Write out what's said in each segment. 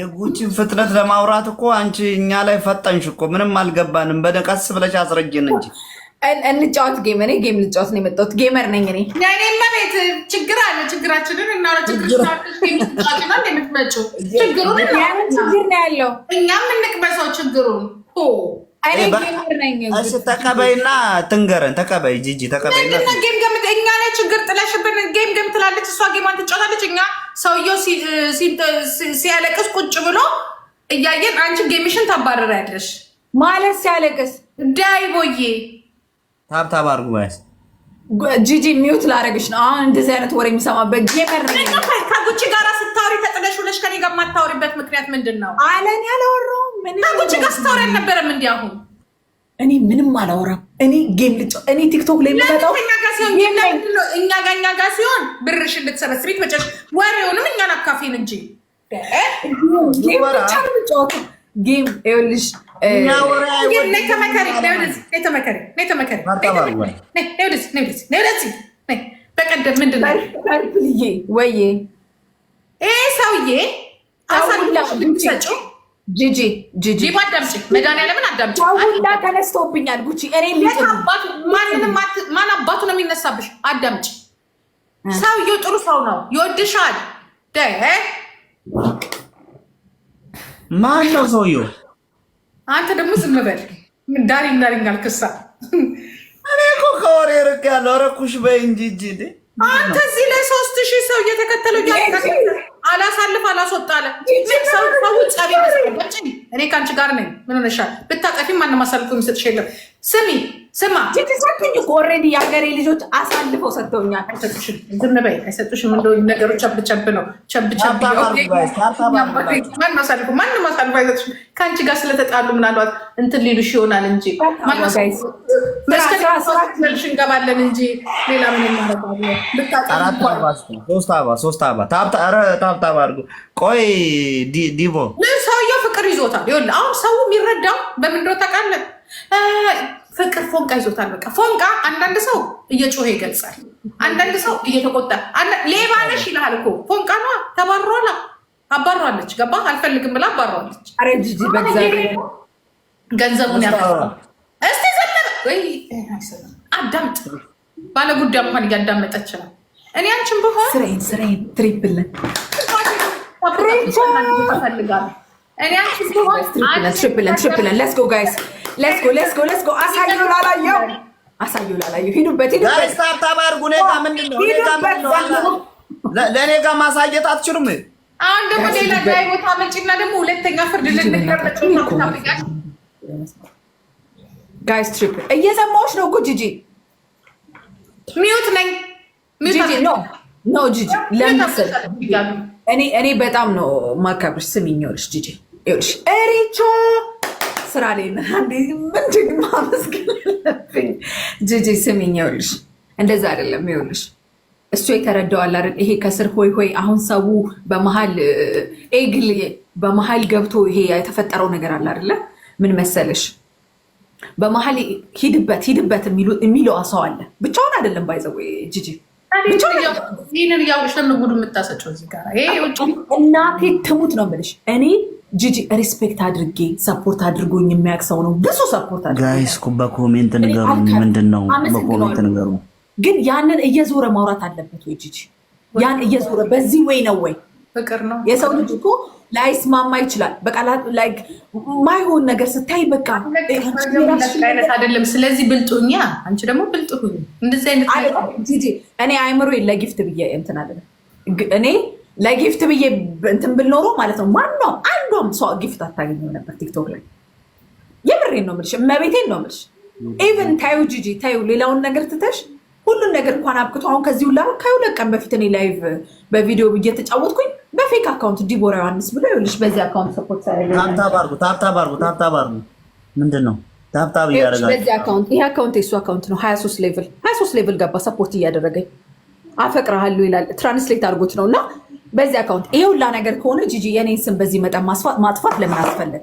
የጉቺን ፍጥነት ለማውራት እኮ አንቺ እኛ ላይ ፈጠንሽ እኮ። ምንም አልገባንም። በደቀስ ብለሽ አስረጅን እንጂ እንጫወት ጌም። እኔ ጌም ልጫወት ነው የመጣሁት። ጌመር ነኝ እኔ። እኔማ ቤት ችግር አለ። ችግራችንን እናውራ። ችግር የምትመጪው ችግሩን ችግር ነው ያለው። እኛም እንቅመሰው ችግሩን ተቀበይና ትንገረን። ተቀበይ ጂጂ፣ ተቀበይና እኛ ላይ ችግር ጥለሽብን ጌም ጌም ትላለች፣ እሷ ጌማን ትጫወታለች። እኛ ሰውየው ሲያለቅስ ቁጭ ብሎ እያየን አንቺ ጌሚሽን ታባረሪያለሽ ማለት ሲያለቅስ ዳይ ቦዬ ታብታብ አድርጉ ጂጂ ሚውት ላረግሽ ነው። አሁን እንደዚህ አይነት ወሬ የሚሰማበት ጌመር ከጉቺ ጋር ስታወሪ ተጥለሽ ሁለሽ ከኔ ጋር የማታወሪበት ምክንያት ምንድን ነው? አለን ያለወራው ከጉቺ ጋር ስታወሪ አልነበረም እንዲ አሁን እኔ ምንም አላወራም። እኔ ጌም ልጫ እኔ ቲክቶክ ላይ የሚመጣው እኛ ጋ እኛ ጋ ሲሆን ብርሽ ልትሰበስቤ ትመጫለሽ። ወሬውንም እኛን አካፌን እንጂ ጌም ይኸውልሽ፣ በቀደም ምንድን ነው ወይዬ ይሄ ሰውዬ አሳ ጂጂ ጂጂ አዳምጪ፣ መድኃኒዓለምን አዳምጪ። ሁላ ተነስቶብኛል። ጉቺ እኔ ማን አባቱ ነው የሚነሳብሽ? አዳምጪ። ሰውየው ጥሩ ሰው ነው፣ ይወድሻል። ማን ነው ሰውዬው? አንተ ደግሞ ዝም በል። ዳሪ ዳሪኝ ክሳ እኔ እኮ ከወሬ ርቅ ያለው ረኩሽ በይ እንጂ ጂጂ። አንተ እዚህ ለሶስት ሺህ ሰው እየተከተለው አላሳልፍ አላስወጣለ ሰው ጸቤ እኔ ከአንቺ ጋር ነኝ። ምን ሆነሻል? ብታጠፊም ማንም አሳልፎ የሚሰጥሽ የለም። ስሚ ስማ ሰጥኝ እኮ ኦልሬዲ የሀገሬ ልጆች አሳልፈው ሰጥተውኛል። ዝም በይ አይሰጡሽም። እንደው ነገሮች ቸብ ነው ቸብ። ማንም አሳልፎ ማን አሳልፎ አይሰጡሽም። ከአንቺ ጋር ስለተጣሉ ምናልባት እንትን ሊሉሽ ይሆናል እንጂ መልሽ እንገባለን እንጂ ሌላ ምን ማረጣለሶስታባሶስታባታብታባ አድርጎ ቆይ ዲቦ ሰውየው ፍቅር ይዞታል። ይኸውልህ አሁን ሰው የሚረዳው በምንድን ነው ታውቃለህ? ፍቅር ፎንቃ ይዞታል። በቃ ፎንቃ አንዳንድ ሰው እየጮኸ ይገልጻል፣ አንዳንድ ሰው እየተቆጣ ሌባ ነሽ ይልሃል እኮ ፎንቃ ነ ተባሯላ አባሯለች። ገባ አልፈልግም ብላ አባሯለች። ገንዘቡን ያስ እስቲ ዘነበ ወይ አዳምጥ። ባለጉዳይ እንኳን እያዳመጠች ነው። እኔ አንቺን ብሆን ትሪፕልን እኔ አንቺን ብሆን ትሪፕልን ለስ ጎ ጋይስ ለስጎ ለስጎ ለስጎ አሳየው ላላየው አሳየው ላላየው ሂዱበት ሂዱበት ስታርታፕ አድርጉ። ሁኔታ ምንድን ነው? ለእኔ ጋር ማሳየት አትችሉም። አሁን ደግሞ ሌላ ላይ ቦታ መጪና ደግሞ ሁለተኛ ፍርድ ልንቀረጭ ጋይስ ትሪፕ እየሰማዎች ነው እኮ ጂጂ ሚዩት ነኝ ጂጂ ኖ ኖ ጂጂ ለምስል እኔ እኔ በጣም ነው ማከብርሽ ስሚኝ ይኸውልሽ ጂጂ ይኸውልሽ እሪቾ ስራ ላይ ነን። አንዴ ምንድን ማመስገን አለብኝ። ጂጂ ስሚኝ፣ ይኸውልሽ እንደዛ አይደለም። ይኸውልሽ እሱ የተረዳዋል አይደል? ይሄ ከስር ሆይ ሆይ አሁን ሰው በመሀል ኤግል በመሀል ገብቶ ይሄ የተፈጠረው ነገር አለ አይደለ? ምን መሰለሽ በመሀል ሂድበት ሂድበት የሚለው ሰው አለ። ብቻውን አይደለም ባይዘው ጂጂ ይህንን እያወቅሽ ለምን ጉዱ የምታሰጨው እዚህ ጋር እናቴ ትሙት ነው የምልሽ እኔ ጂጂ ሪስፔክት አድርጌ ሰፖርት አድርጎኝ ሰው ነው። ብዙ ሰፖርት ጋይስ፣ በኮሜንት ንገሩ፣ ምንድን ነው በኮሜንት ንገሩ። ግን ያንን እየዞረ ማውራት አለበት ወይ ጂጂ? ያን እየዞረ በዚህ ወይ ነው ወይ ፍቅር ነው። የሰው ልጅ እኮ ላይስማማ ይችላል። በቃላት ላይክ ማይሆን ነገር ስታይ በቃ አይደለም። ስለዚህ ብልጡኛ፣ አንቺ ደግሞ ብልጡ ሁኝ። እንደዚህ አይነት እኔ አይምሮ ለጊፍት ብዬ እንትን አለ እኔ ለጊፍት ብዬ እንትን ብል ማለት ነው ማንም አንዷም ሰው ጊፍት አታገኘው ነበር ቲክቶክ ላይ። የምሬን ነው የምልሽ፣ እመቤቴን ነው የምልሽ። ኢቨን ታዩ ጂጂ ታዩ፣ ሌላውን ነገር ትተሽ ሁሉን ነገር እንኳን አብቅቶ አሁን ከዚህ ሁላ ከሁለት ቀን በፊት እኔ ላይቭ በቪዲዮ ብዬ ተጫወትኩኝ በፌክ አካውንት ዲቦራ ዮሐንስ ብሎ ይኸውልሽ፣ በዚህ አካውንት ሰፖርት ታብታብ ታብታብ አድርጉ፣ ታብታብ አድርጉ። ምንድን ነው ታብታብ እያደረጋችሁ? በዚህ አካውንት ይሄ አካውንት የሱ አካውንት ነው። ሀያ ሶስት ሌቭል ሀያ ሶስት ሌቭል ገባ ሰፖርት እያደረገኝ አፈቅርሃለሁ ይላል ትራንስሌት አድርጎት ነው እና በዚህ አካውንት ይሄ ሁላ ነገር ከሆነ ጂጂ የኔን ስም በዚህ መጠን ማጥፋት ለምን አስፈለግ?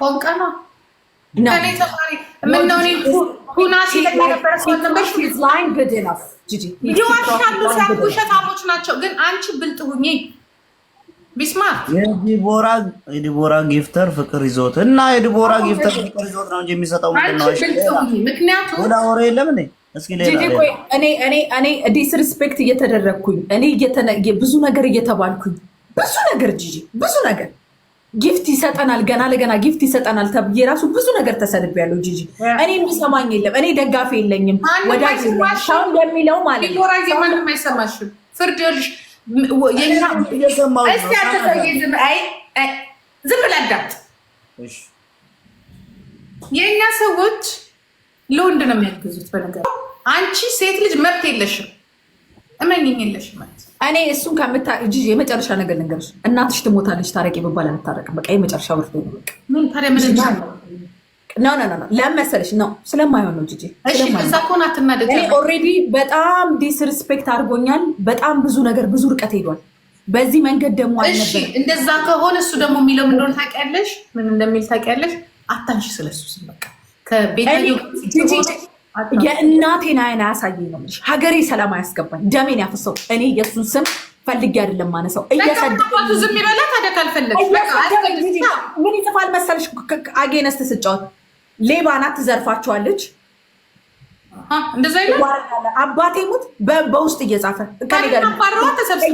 ሆንቀና ውሸታሞች ናቸው። ግን አንቺ ብልጥ ሁኚ። ቢስማርት የዲቦራ ጊፍተር ፍቅር ይዞት እና የዲቦራ ጊፍተር ፍቅር ይዞት ነው እንጂ የሚሰጠው ምንድን ነው? ምክንያቱም ወደ አወሬ የለም እስኪ እኔ ዲስሪስፔክት እየተደረግኩኝ እኔ ብዙ ነገር እየተባልኩኝ ብዙ ነገር ጂጂ ብዙ ነገር ጊፍት ይሰጠናል ገና ለገና ጊፍት ይሰጠናል ተብዬ ራሱ ብዙ ነገር ያለው ጂጂ እኔ የሚሰማኝ የለም እኔ ደጋፊ የለኝም ወዳጅ ሁን የሚለው ማለት ነው አይሰማሽም ፍርድ ዝም ብላ አዳምጥ የእኛ ሰዎች ለወንድ ነው የሚያግዙት። በነገር አንቺ ሴት ልጅ መብት የለሽም፣ እመኝኝ የለሽም እኔ እሱን ከምታ የመጨረሻ ነገር ልንገርሽ፣ እናትሽ ትሞታለች ታረቂ ብባል አልታረቅም። በቃ የመጨረሻ ወርዶ ምን ነው ነው ነው ለመሰለሽ ነው ስለማይሆን ነው ጂጂ እኔ ኦልሬዲ በጣም ዲስሪስፔክት አድርጎኛል። በጣም ብዙ ነገር ብዙ ርቀት ሄዷል። በዚህ መንገድ ደግሞ አልነበረ። እንደዛ ከሆነ እሱ ደግሞ የሚለው ምን እንደሆነ ታውቂያለሽ፣ ምን እንደሚል ታውቂያለሽ። አታንሺ ስለሱ ስም በቃ የእናቴን አይን አያሳየኝ ነው። ሀገሬ ሰላም አያስገባኝ። ደሜን ያፈሰው እኔ የእሱን ስም ፈልጌ አይደለም ማነሳው። ምን ይጽፋል መሰለሽ? አጌነስት ስጫወት ሌባ ናት፣ ትዘርፋችኋለች። አባቴ ሙት በውስጥ እየጻፈ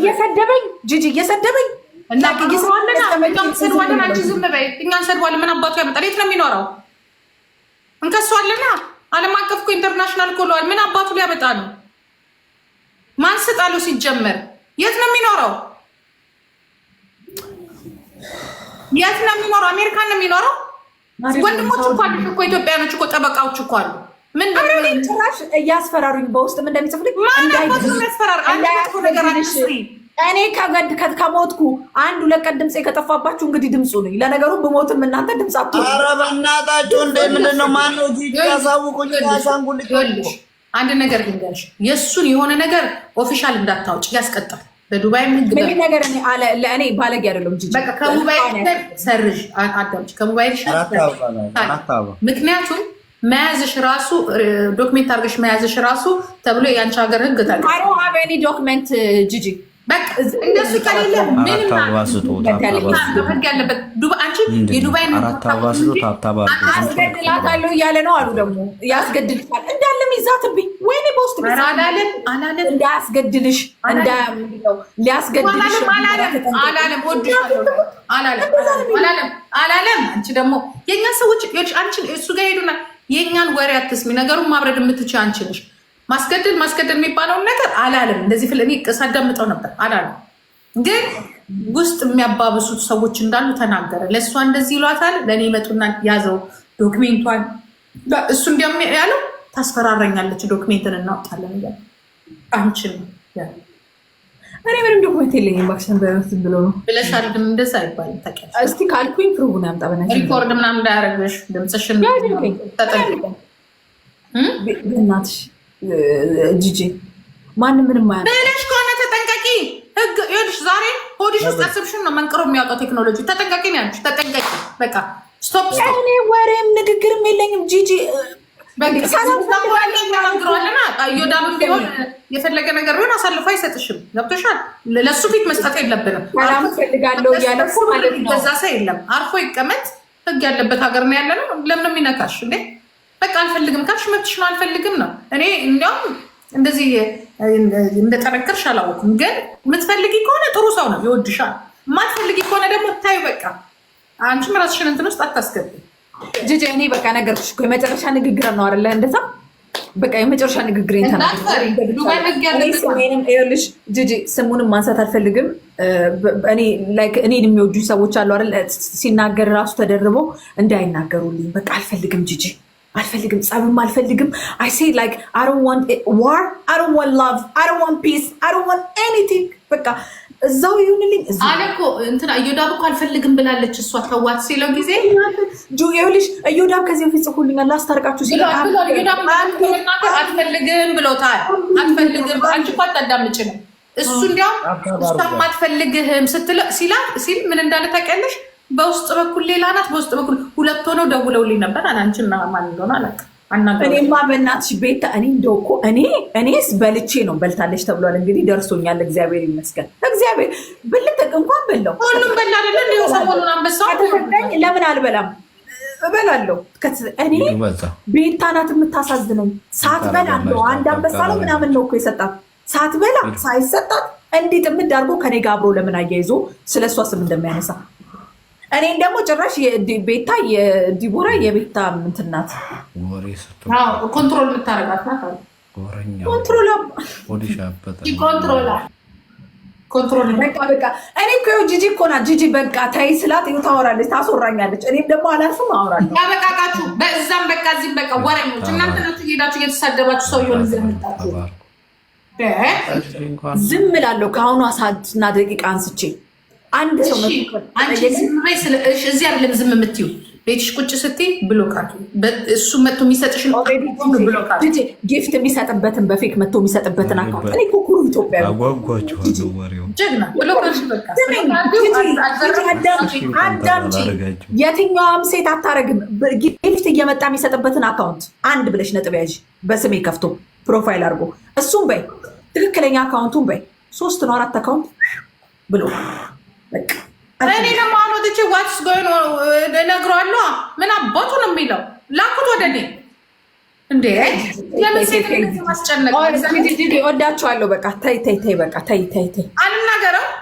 እየሰደበኝ፣ ጂጂ እየሰደበኝ እናሰድዋለን። አንቺ ዝም በይ። እኛን ሰድቧል። ምን አባቱ ያመጣል? የት ነው የሚኖረው? እንከሷልና ዓለም አቀፍ እኮ ኢንተርናሽናል ኮለዋል። ምን አባቱ ሊያመጣ ነው? ማን ስጣሉ ሲጀመር የት ነው የሚኖረው? የት ነው የሚኖረው? አሜሪካ ነው የሚኖረው። ወንድሞች እኮ አሉ እኮ ኢትዮጵያኖች እኮ ጠበቃዎች እኮ አሉ። ምንድን ጭራሽ እያስፈራሩኝ በውስጥ ምን እንደሚጽፍልኝ ማን አባቱ ያስፈራር አንድ ነገር እኔ ከሞትኩ አንድ ሁለት ቀን ድምፄ ከጠፋባችሁ እንግዲህ ድምፁ ነኝ። ለነገሩ ብሞትም እናንተ ድምፅ አቱ ኧረ በእናታችሁ እንደ ምንድን ነው ማነው ያሳውቁኝ። አሻንጉሊት አንድ ነገር ልንገርሽ፣ የእሱን የሆነ ነገር ኦፊሻል እንዳታውጭ ያስቀጣል። በዱባይ ምንም ነገር ለእኔ ባለጌ አይደለም። ሰርዥ አዳምጪ፣ ከሞባይል ምክንያቱም መያዝሽ ራሱ ዶክሜንት አድርገሽ መያዝሽ ራሱ ተብሎ የአንቺ ሀገር ህግ ታ ዶክመንት ጂጂ አስገድላታለሁ እያለ ነው አሉ። ደግሞ ያስገድልሻል ይዛትብኝ ወይኔ በውስጥ እንዳያስገድልሽ ሊያስገድልሽ አላለም። አንቺ ደግሞ የእኛ ሰዎች አንቺ እሱ ጋር ሄዱና የእኛን ወሬ አትስሚ። ነገሩን ማብረድ የምትችይ አንቺ ነሽ። ማስገደድ ማስገደድ የሚባለውን ነገር አላለም። እንደዚህ ፍል እኔ ሳዳምጠው ነበር አላለም። ግን ውስጥ የሚያባብሱት ሰዎች እንዳሉ ተናገረ። ለእሷ እንደዚህ ይሏታል፣ ለእኔ መጡና ያዘው ዶክሜንቷን እሱ እንዲያም ያለው ታስፈራረኛለች፣ ዶክሜንትን እናወጣለን እያለ አንቺን እኔ ምንም ዶክመንት የለኝም ባክሽን በስ ብሎ ነው ብለሻል። ግን እንደዛ አይባልም ተቀል እስቲ ካልኩኝ ፕሩቡን ያምጣ በእናትሽ ሪኮርድ ምናምን እንዳያደርግሽ ድምፅሽን ተጠቅ እናትሽ ጂጂ ማንም ምንም ማያ ብልሽ ከሆነ ተጠንቀቂ። ህግ ይኸውልሽ፣ ዛሬ ሆዲሽ ውስጥ አስብሽን ነው መንቅሮ የሚያውቀው ቴክኖሎጂ። ተጠንቀቂ ነው ያልኩሽ። ተጠንቀቂ በቃ ስቶፕ። እኔ ወሬም ንግግርም የለኝም ጂጂ የፈለገ ነገር ቢሆን አሳልፎ አይሰጥሽም። ገብቶሻል። ለሱ ፊት መስጠት የለብንም። ፈልጋለሁ ሰው የለም። አርፎ ይቀመጥ። ህግ ያለበት ሀገር ነው ያለነው። ለምን ነው የሚነካሽ እንዴ? በቃ አልፈልግም ካልሽ መብትሽ ነው። አልፈልግም ነው። እኔ እንዲያውም እንደዚህ እንደጠረከርሽ አላወኩም። ግን የምትፈልጊ ከሆነ ጥሩ ሰው ነው፣ ይወድሻል። የማትፈልጊ ከሆነ ደግሞ ታዩ። በቃ አንቺም ራስሽን እንትን ውስጥ አታስገቢ። ጀጀ እኔ በቃ ነገርኩሽ እኮ የመጨረሻ ንግግር ነው አለ እንደዛ በቃ የመጨረሻ ንግግር ተናልሽ። ጂጂ ስሙንም ማንሳት አልፈልግም። እኔን የሚወዱ ሰዎች አሉ አይደል? ሲናገር ራሱ ተደርቦ እንዳይናገሩልኝ በቃ አልፈልግም ጂጂ አልፈልግም፣ ጸብም አልፈልግም። አይ ሴ ላይክ ዋር፣ አይ ዶንት ዋንት ላቭ፣ አይ ዶንት ፒስ፣ አይ ዶንት ኤኒቲንግ። በቃ እዛው ይሁንልኝ አለ እኮ እንትና እዮዳብ እኮ አልፈልግም ብላለች እሷ ተዋት ሲለው ጊዜ ይኸውልሽ እዮዳብ ከዚህ በፊት ጽፎልኛል ላስታርቃችሁ ሲለው አልፈልግም ብሎታል። አልፈልግም አንቺ እኮ አታዳምጪ ነው እሱ እንዲያውም እሷ አትፈልግህም ሲል ምን እንዳለ ታውቂያለሽ? በውስጥ በኩል ሌላ ናት። በውስጥ በኩል ሁለት ሆነው ደውለውልኝ ነበር። አንቺና ማን እንደሆነ አላውቅም። እኔማ በእናትሽ ቤታ እኔ እንደው እኮ እኔ እኔስ በልቼ ነው በልታለች ተብሏል። እንግዲህ ደርሶኛል። እግዚአብሔር ይመስገን። እግዚአብሔር ብልጥ እንኳን በላው ሁሉም በላ አይደለ ሰሞኑን አንበሳ ለምን አልበላም? እበላለሁ። እኔ ቤታ ናት የምታሳዝነኝ። ሳትበላ ነው አንድ አንበሳ ነው ምናምን ነው እኮ የሰጣት ሳትበላ ሳይሰጣት እንዴት የምዳርጎ ከኔ ጋር አብሮ ለምን አያይዞ ስለ እሷ ስም እንደሚያነሳ እኔን ደግሞ ጭራሽ ቤታ የዲቦራ የቤታ ምንትናት ኮንትሮል የምታረጋት ናት። እኔ እኮ ጂጂ እኮ ናት። ጂጂ በቃ ተይ ስላት ታወራለች፣ ታስወራኛለች። እኔም ደግሞ አላልፍም፣ አወራለሁ። ያበቃቃችሁ፣ በእዛም በቃ እዚህም በቃ ወረኞች እናንተ ናችሁ። እየሄዳችሁ እየተሳደባችሁ ሰውየውን ዝም እላለሁ ከአሁኗ ሰዓትና ደቂቃ አንስቼ አንድ ሰው እዚህ አይደለም ዝም የምትይው ቤትሽ ቁጭ ስትይ ብሎካቱ እሱ መጥቶ የሚሰጥሽን ጊፍት የሚሰጥበትን በፌክ መጥቶ የሚሰጥበትን አካውንት እኔ ኩኩሩ ኢትዮጵያ አዳምጪ። የትኛዋም ሴት አታረግም ጊፍት እየመጣ የሚሰጥበትን አካውንት አንድ ብለሽ ነጥብ ያዥ። በስሜ ከፍቶ ፕሮፋይል አድርጎ እሱም በይ ትክክለኛ አካውንቱም በይ ሶስት ነው አራት አካውንት ብሎ እኔ ደግሞ አሁን ወጥቼ ዋትስ ጎይኖ እነግረዋለሁ። ምን አባቱ ነው የሚለው? ላኩት ወደ እኔ እንዴ! ማስጨነቅ? ወዳችኋለሁ። በቃ ተይ ተይ ተይ፣ በቃ ተይ ተይ ተይ፣ አልናገረም።